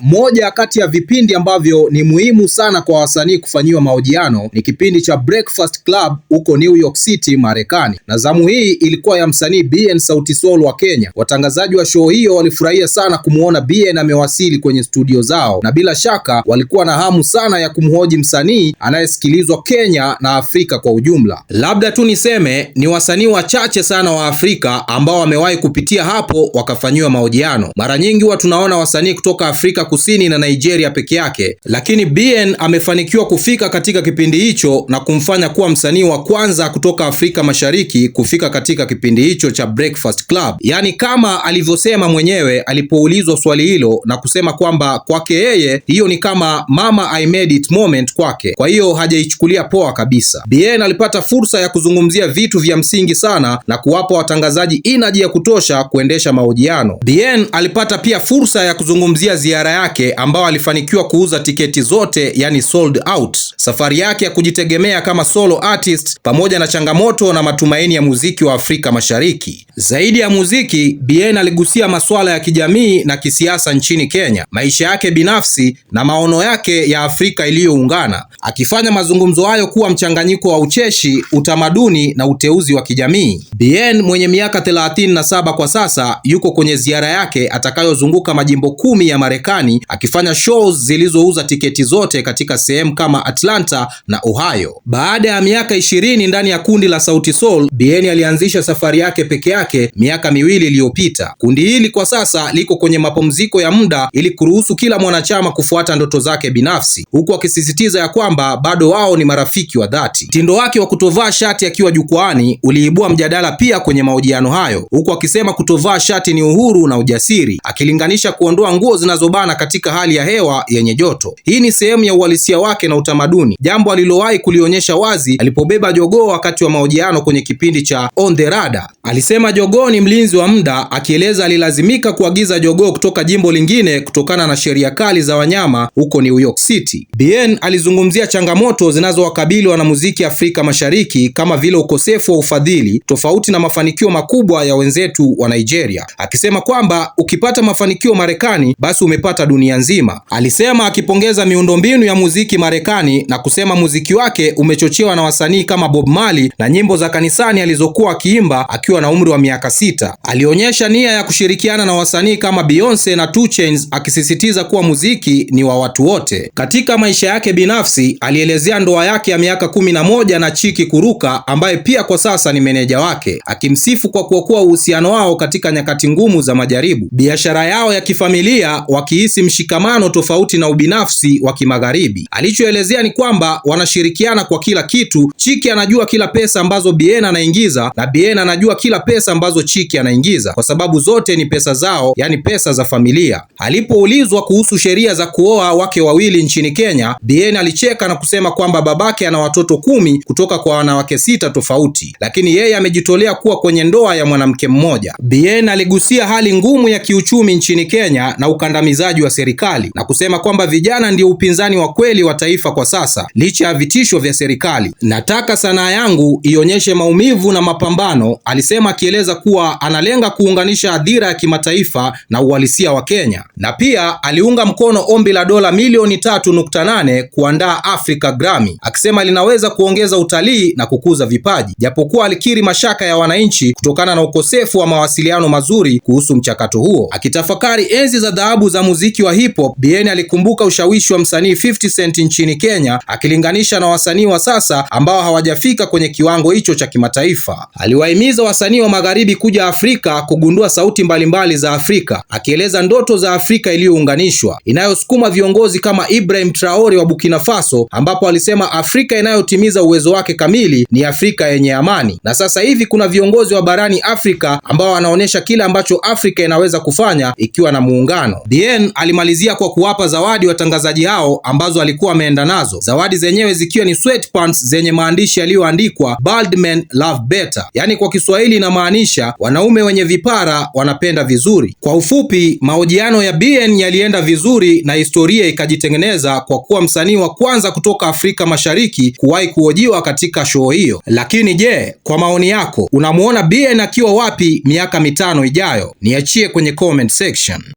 Moja kati ya vipindi ambavyo ni muhimu sana kwa wasanii kufanyiwa mahojiano ni kipindi cha Breakfast Club huko New York City, Marekani, na zamu hii ilikuwa ya msanii bn Sauti Sol wa Kenya. Watangazaji wa show hiyo walifurahia sana kumwona bn amewasili kwenye studio zao, na bila shaka walikuwa na hamu sana ya kumhoji msanii anayesikilizwa Kenya na Afrika kwa ujumla. Labda tu niseme ni wasanii wachache sana wa Afrika ambao wamewahi kupitia hapo wakafanyiwa mahojiano. Mara nyingi huwa tunaona wasanii kutoka Afrika Afrika Kusini na Nigeria peke yake, lakini bn amefanikiwa kufika katika kipindi hicho na kumfanya kuwa msanii wa kwanza kutoka Afrika Mashariki kufika katika kipindi hicho cha Breakfast Club. Yaani kama alivyosema mwenyewe alipoulizwa swali hilo na kusema kwamba kwake yeye hiyo ni kama mama I made it moment kwake, kwa hiyo hajaichukulia poa kabisa. bn alipata fursa ya kuzungumzia vitu vya msingi sana na kuwapa watangazaji inaji ya kutosha kuendesha mahojiano. bn alipata pia fursa ya kuzungumzia ziara yake ambao alifanikiwa kuuza tiketi zote, yani sold out. Safari yake ya kujitegemea kama solo artist pamoja na changamoto na matumaini ya muziki wa Afrika Mashariki. Zaidi ya muziki, Bien aligusia masuala ya kijamii na kisiasa nchini Kenya, maisha yake binafsi na maono yake ya Afrika iliyoungana, akifanya mazungumzo hayo kuwa mchanganyiko wa ucheshi, utamaduni na uteuzi wa kijamii. Bien mwenye miaka 37 kwa sasa yuko kwenye ziara yake atakayozunguka majimbo kumi ya Marekani Marekani akifanya shows zilizouza tiketi zote katika sehemu kama Atlanta na Ohio. Baada ya miaka ishirini ndani ya kundi la Sauti Sol, Bien alianzisha safari yake peke yake miaka miwili iliyopita. Kundi hili kwa sasa liko kwenye mapumziko ya muda ili kuruhusu kila mwanachama kufuata ndoto zake binafsi, huku akisisitiza ya kwamba bado wao ni marafiki wa dhati. Mtindo wake wa kutovaa shati akiwa jukwaani uliibua mjadala pia kwenye mahojiano hayo, huku akisema kutovaa shati ni uhuru na ujasiri, akilinganisha kuondoa nguo zinazobana sana katika hali ya hewa yenye joto. Hii ni sehemu ya uhalisia wake na utamaduni, jambo alilowahi kulionyesha wazi alipobeba jogoo wakati wa mahojiano kwenye kipindi cha On the Radar. Alisema jogoo ni mlinzi wa muda, akieleza alilazimika kuagiza jogoo kutoka jimbo lingine kutokana na sheria kali za wanyama huko New York City. Bien alizungumzia changamoto zinazowakabili wanamuziki Afrika Mashariki kama vile ukosefu wa ufadhili, tofauti na mafanikio makubwa ya wenzetu wa Nigeria, akisema kwamba ukipata mafanikio Marekani basi umepata kutoka dunia nzima. Alisema akipongeza miundombinu ya muziki Marekani na kusema muziki wake umechochewa na wasanii kama Bob Marley na nyimbo za kanisani alizokuwa akiimba akiwa na umri wa miaka sita. Alionyesha nia ya kushirikiana na wasanii kama Beyonce na 2 Chainz akisisitiza kuwa muziki ni wa watu wote. Katika maisha yake binafsi, alielezea ndoa yake ya miaka kumi na moja na Chiki Kuruka ambaye pia kwa sasa ni meneja wake, akimsifu kwa kuokoa uhusiano wao katika nyakati ngumu za majaribu. Biashara yao ya kifamilia waki wanahisi mshikamano tofauti na ubinafsi wa kimagharibi. Alichoelezea ni kwamba wanashirikiana kwa kila kitu. Chiki anajua kila pesa ambazo Bien anaingiza na Bien anajua kila pesa ambazo Chiki anaingiza, kwa sababu zote ni pesa zao, yani pesa za familia. Alipoulizwa kuhusu sheria za kuoa wake wawili nchini Kenya, Bien alicheka na kusema kwamba babake ana watoto kumi kutoka kwa wanawake sita tofauti, lakini yeye amejitolea kuwa kwenye ndoa ya mwanamke mmoja. Bien aligusia hali ngumu ya kiuchumi nchini Kenya na ukandamizaji utendaji wa serikali na kusema kwamba vijana ndio upinzani wa kweli wa taifa kwa sasa, licha ya vitisho vya serikali. Nataka sanaa yangu ionyeshe maumivu na mapambano, alisema, akieleza kuwa analenga kuunganisha hadhira ya kimataifa na uhalisia wa Kenya. Na pia aliunga mkono ombi la dola milioni 3.8 kuandaa Africa Grammy, akisema linaweza kuongeza utalii na kukuza vipaji, japokuwa alikiri mashaka ya wananchi kutokana na ukosefu wa mawasiliano mazuri kuhusu mchakato huo, akitafakari enzi za dhahabu za muziki muziki wa hip hop, Bien alikumbuka ushawishi wa msanii 50 Cent nchini Kenya akilinganisha na wasanii wa sasa ambao hawajafika kwenye kiwango hicho cha kimataifa. Aliwahimiza wasanii wa magharibi kuja Afrika kugundua sauti mbalimbali mbali za Afrika, akieleza ndoto za Afrika iliyounganishwa inayosukuma viongozi kama Ibrahim Traore wa Burkina Faso, ambapo alisema Afrika inayotimiza uwezo wake kamili ni Afrika yenye amani. Na sasa hivi kuna viongozi wa barani Afrika ambao wanaonyesha kile ambacho Afrika inaweza kufanya ikiwa na muungano. Bien alimalizia kwa kuwapa zawadi watangazaji hao ambazo alikuwa ameenda nazo, zawadi zenyewe zikiwa ni sweatpants zenye maandishi yaliyoandikwa Bald men love better, yaani kwa Kiswahili inamaanisha wanaume wenye vipara wanapenda vizuri. Kwa ufupi, mahojiano ya BN yalienda vizuri na historia ikajitengeneza kwa kuwa msanii wa kwanza kutoka Afrika Mashariki kuwahi kuhojiwa katika show hiyo. Lakini je, kwa maoni yako unamwona bn akiwa wapi miaka mitano ijayo? Niachie kwenye comment section.